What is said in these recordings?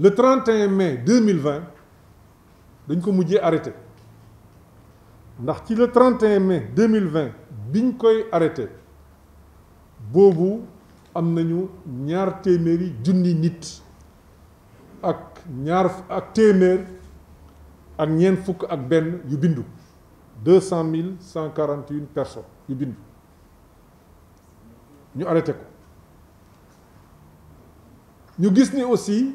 le 31 mai 2020 nous avons arrêté le 31 mai 2020 nous avons arrêté Nous avons nyar ñaar téeméeri nit ak ñaar ak téeméer ak fuk ak ben yu bindu personnes Nous avons arrêté Nous avons aussi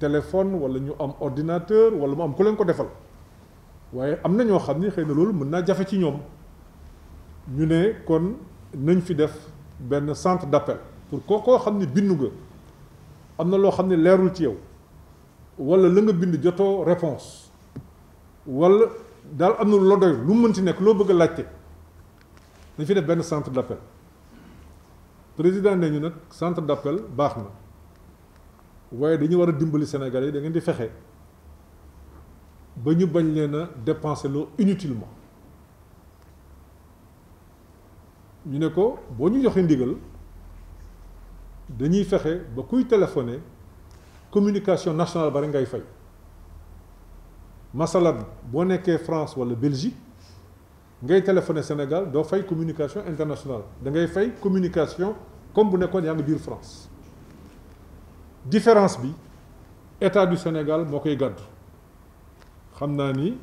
téléphone wala ñu am ordinateur wala mu am ku leen ko defal waaye am na ñoo xam ni xëy na loolu mën naa jafe ci ñoom ñu ne kon nañ fi def benn centre d'appel pour koo koo xam ni bindu nga am na loo xam ne leerul ci yow wala la nga bind jotoo réponse wala daal am na lu la doy lu mën ci nekk loo bëgg a laajte dañ fi def benn centre d'appel président ne ñu nag centre d'appel baax na Vous dañu war dimbali Sénégalais Sénégal, di ba ñu bañ inutilement ñu ñu ndigal dañuy ba kuy téléphoner communication nationale bari ngay si masalan boo en France en Belgique ngay téléphoner Sénégal doo fay communication internationale communication comme bu en France différence bi état du Sénégal moo koy gàddu xam ni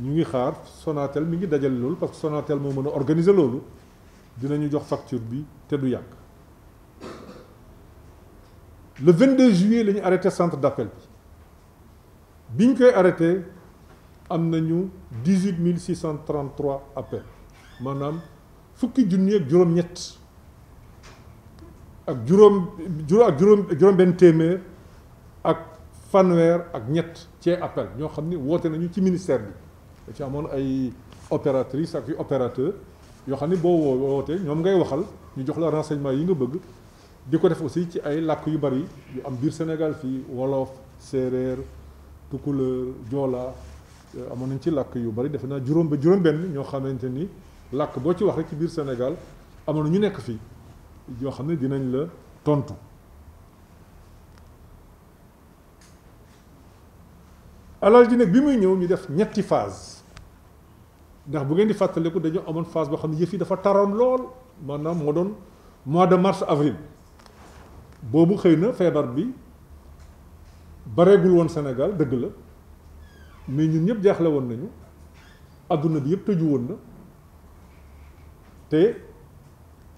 ñu ngi xaar Sonatel mi ngi dajal lool parce que Sonatel mo mën organiser lool dinañu jox facture bi té du yak le 22 juillet nous avons arrêté centre d'appel bi biñ koy arrêté am nañu 18 633 appels maanaam fukki junni ak juroom ñett ak juroom ak juroom juróom-benn téeméer ak fanweer ak ñett ci appel ñoo xam ni woote nañu ci ministère bi da ci amoon ay opératrice ak yu opérateur yoo xam ni boo woo wootee ñoom ngay waxal ñu jox la renseignement yi nga bëgg di ko def aussi ci ay làkk yu bari yu am biir Sénégal fii wolof séeréer tukuleur joola euh, amoon nañ ci làkk yu bari defe naa juróom ba juróom-benn ñoo xamante ni làkk boo ci wax rek ci biir Sénégal amoon ñu nekk fii yoo xam ne dinañ la tontu alal ji nag bi muy ñëw ñu def ñetti phase ndax bu ngeen di fàttaliku dañoo amoon phase boo xam ne yëf yi dafa taroon lool maanaam moo doon mois de mars avril boobu xëy na feebar bi bareegul woon senegal dëgg la mais ñun ñëpp jaaxle woon nañu adduna bi yëpp tëju woon na te.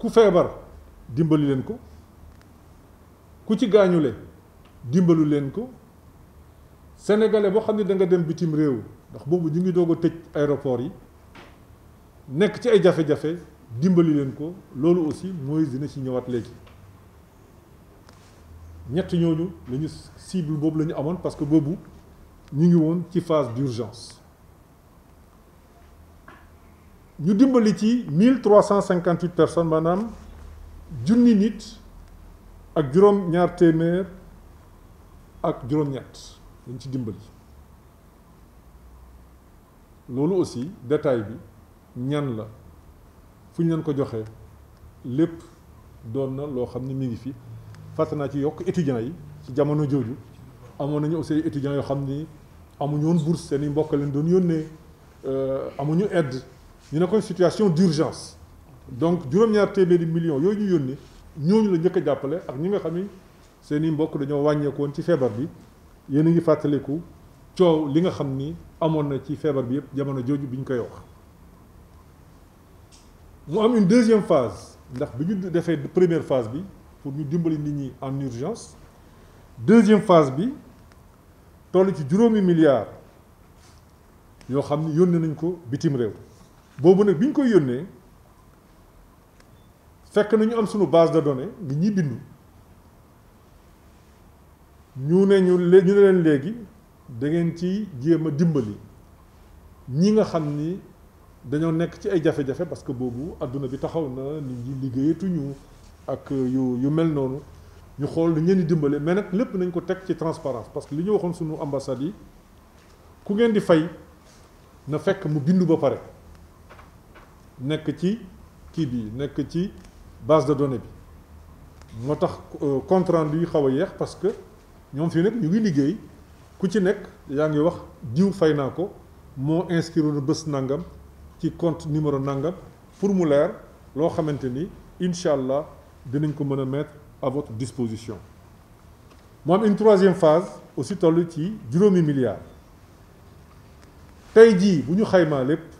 ku feebar dimbali leen ko ku ci gaañule dimbalu leen ko sénégalais boo xam da nga dem bitim réew ndax boobu ñu ngi doog a aéroport yi nekk ci ay jafe-jafe dimbali leen ko loolu aussi mooy dina ci ñett ñooñu cible bobu la ñu parce que bobu, ñu ngi woon ci phase d'urgence nous dimbali 1358 personnes maanaam junni nit ak ñaar ak train de Nous aussi détail bi la leen ko mi ngi étudiants yi ci jamono joju amono ñu aussi étudiants bourse seen mbokk euh, aide. Nous avons une situation d'urgence donc nous avons des millions de ñu Nous Nous la a qui ak ñi nga xam ni Nous avons mbokk Nous avons bi Nous avons fait une deuxième phase Nous avons fait première phase pour nous dimbali en urgence deuxième phase nous avons ci milliards Nous avons bobu nag biñ koy fekk nañu am suñu base de données ngi ñi bindu ñu ne ñu ñu leen légui da ngeen ci jéem dimbali ñi nga xamni ci ay jafé jafé parce que bobu nous bi taxaw na ñi ñi ñu ak yu yu mel nonu ñu xol lu mais nak lepp nañ ko transparence parce que li ñu waxon suñu ambassade yi ku ngeen di fay na fekk mu bindu ba nek ci ki bi nek ci base de données bi motax tax euh, compte rendu yi yeex parce que ñom fi nek ñu ngi liggéey ku ci nek yaa ngi wax diw fay naa ko moo inscrire na bés nangam ci compte numéro nangam pour mu leer inshallah, xamante ni dinañ ko mëna mettre à votre disposition mo am une troisième phase aussi toll ci juróomi milliards tay ji bu ñu xaymaa lépp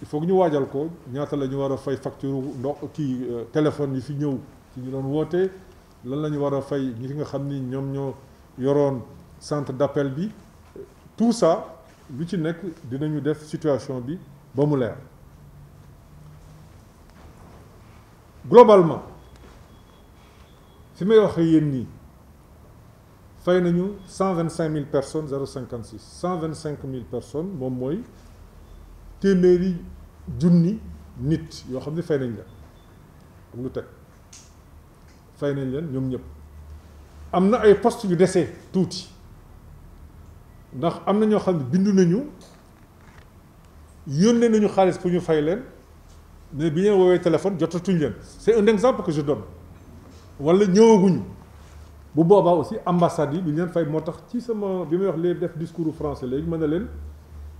il faut que nous voyons le code, nous avons fait des factures qui téléphone nous, qui ont voté, nous avons fait des choses, nous avons centre d'appel, tout ça, nous avons fait des choses, nous situation bi fait des Globalement, si nous avons fait 125 000 personnes, 0,56, 125 000 personnes, c'est téeméeri junni nit yo xamni fay nañ la am lu tek fay nañ len ñom ñep amna ay poste yu déssé touti ndax amna ño xamni bindu nañu yonne nañu xaliss pour ñu fay len mais bi ñu woowee téléphone jotatuñ len c'est un exemple que je donne wala ñëwaguñu bu boba aussi ambassade yi du ñu fay motax ci sama bi may wax léegi def discours français légui mën na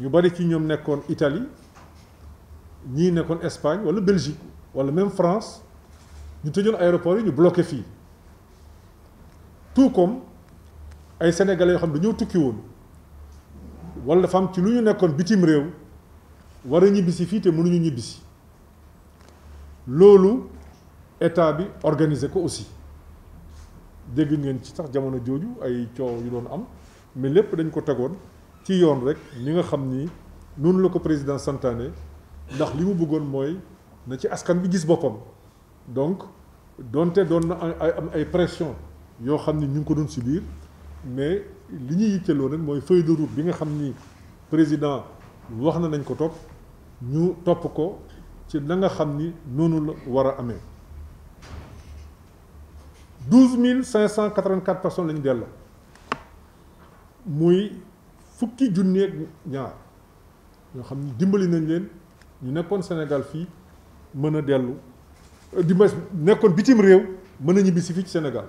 ñu bari ci ñoom Italie ñii Espagne wala Belgique wala même France ñu avons aéroport yi ñu tout comme ay sénégalais yoo xam dañoo tukki woon wala dafa am ci lu ñu nekkoon bitim réew war état bi ko aussi dégg ngeen ci ay yu doon mais ci yoon rek ñi nga xam ni noonu la ko président santaane ndax li mu bëggoon mooy na ci askan bi gis boppam donc donte doon na ay am ay pression yoo xam ni ñu ngi ko doon si biir mais li ñuy yitteeloo nag mooy feuille de route bi nga xam ni président wax na nañ ko topp ñu topp ko ci na nga xam ni noonu la war a amee douze mille personnes la ñu delloo muy fukki junneeg ñaar ñoo xam ne dimbali nañ leen ñu nekkoon Sénégal fii mën a dellu euh, di mas nekkoon bitim réew mën a ñibbi si fii ci Sénégal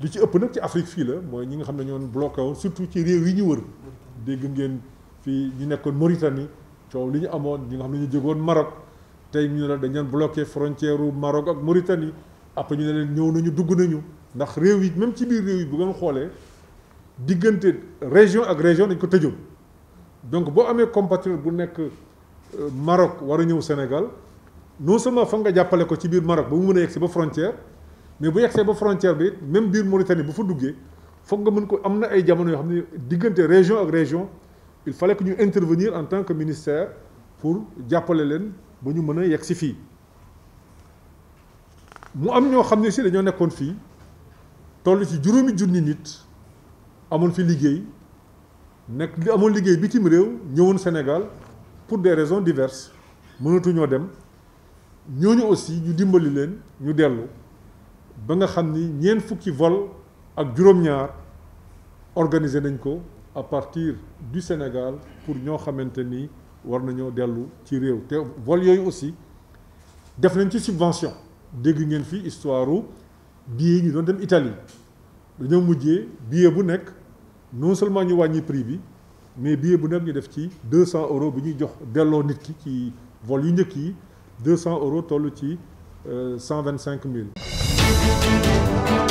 li ci ëpp nag ci Afrique fii la mooy ñi nga xam ne ñoon bloqué woon surtout ci réew yi ñu wër dégg ngeen fii ñu nekkoon Mauritanie coow li ñu amoon ñi nga xam ne ñu jógoon Maroc tey ñu la dañ leen bloqué frontière Maroc ak Mauritanie après ñu ne leen ñëw nañu dugg nañu ndax réew yi même ci biir réew yi bu ngeen xoolee diggante région ak région dañ ko tëjoon donc bo amé compatriote bu nek euh, Maroc war a ñëw Sénégal non seulement foog nga jàppale ko ci biir Maroc bu mu mën a ba frontière mais bu yexé ba frontière bi même biir Mauritanie bu fa duggé foog nga mën ko amna ay jamono yoo xam ne région ak région il fallait que ñu intervenir en tant que ministère pour jappalé leen ba ñu mëna a fi mu am ño xamni ci dañu dañoo fi tollu ci juroomi junni nit amont fi liguey nek li bitim Sénégal pour des raisons diverses Nous dem ñooñu aussi ñu dimbali leen ñu dellu ba nga fukki vol ak juroom organisé à partir du Sénégal pour ñoo xamanteni war tireo. dellu ci rew vol aussi def nañ ci subvention dégg ngeen histoire bi ñu dem Italie billet non seulement nous avons prix mais billet bu pris 200 euros pour nous jox 200 euros toll 125 000. Euh,